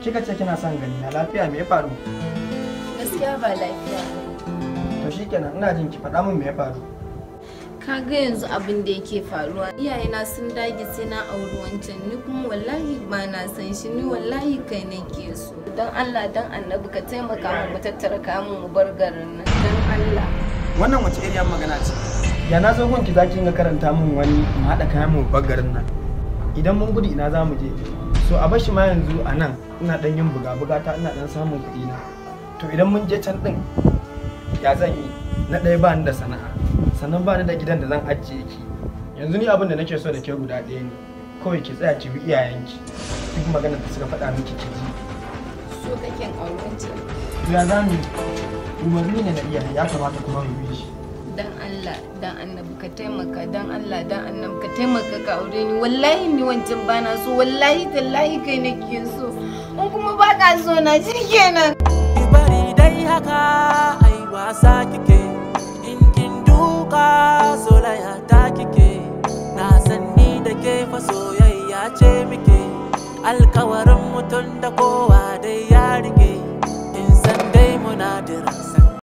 Kika ce kina son gani na lafiya me ya faru? Gaskiya ba lafiya. To shikenan ina jin ki faɗa min me ya faru. Ka ga yanzu abin da yake faruwa. Iyayena sun dage sai na auri wancan ni kuma wallahi ba na san shi ni wallahi kai nake so. Don Allah don Annabi ka taimaka mu mu tattara kayan mu bar garin nan don Allah. Wannan wace iriyar magana ce? Ya na zo gunki zaki ga karanta min wani mu haɗa kayan mu bar garin nan. Idan mun gudu ina za mu je? so a bashi ma yanzu a nan ina dan yin buga buga ta ina dan samun kuɗi na to idan mun je can din ya zan yi na ɗaya ba ni da sana'a sannan ba ni da gidan da zan ajiye ki yanzu ni abin da nake so da ke guda ɗaya ne kawai ki tsaya ki bi iyayenki duk magana da suka faɗa miki ki ji so kake auren ce ya zamu umarni ne na iyaye ya kamata kuma mu bi shi dan Allah dan annabi ka taimaka dan Allah dan annabi ka taimaka ka aure ni wallahi ni wancan bana so wallahi tallahi kai nake so in kuma ba ka so na shikenan bari dai haka ai wasa kike in kin duka solaya ta kike na san ni da ke fa soyayya ce muke alkawarin mutun da kowa dai ya rike in san dai dira